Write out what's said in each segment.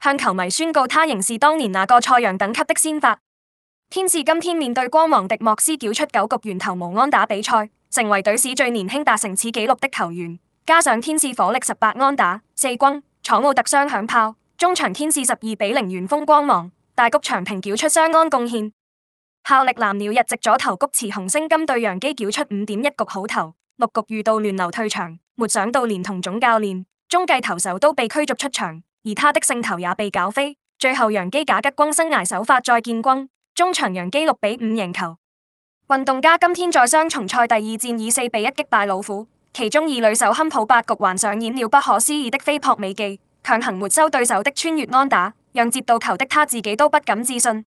向球迷宣告，他仍是當年那個賽揚等級的先發。天使今天面對光芒迪莫斯，繳出九局完投無安打比賽，成為隊史最年輕達成此紀錄的球員。加上天使火力十八安打四轟，闖奧特雙響炮。中場天使十二比零完封光芒，大谷翔平繳出雙安貢獻。效力藍鳥日籍左投菊池雄星今對洋基繳出五點一局好投，六局遇到亂流退場。沒想到連同總教練、中繼投手都被驅逐出場。而他的勝投也被搞飛，最後楊基賈吉轟生涯首發再見轟，終場楊基六比五贏球。運動家今天在雙重賽第二戰以四比一擊敗老虎，其中二壘手坎普八局還上演了不可思議的飛撲美技，強行沒收對手的穿越安打，讓接到球的他自己都不敢置信。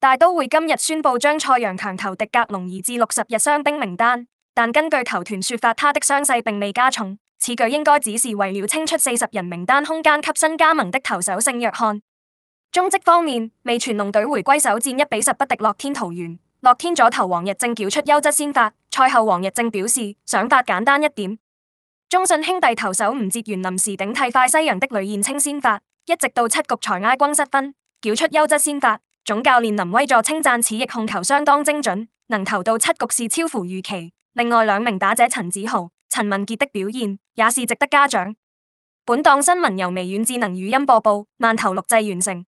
大都會今日宣布將賽揚強投迪格隆移至六十日傷兵名單，但根據球團說法，他的傷勢並未加重。此舉應該只是為了清出四十人名單空間，給新加盟的投手性約翰。中職方面，味全龍隊回歸首戰一比十不敵樂天桃猿，樂天左投王溢正繳出優質先發。賽後王溢正表示，想法簡單一點。中信兄弟投手吳哲源臨時頂替快西洋的呂彥青先發，一直到七局才挨轟失分，繳出優質先發。總教練林威助稱讚此役控球相當精準，能投到七局是超乎預期。另外兩名打者陳子豪。陳文傑的表現也是值得嘉獎。本檔新聞由微軟智能語音播報，饅頭錄製完成。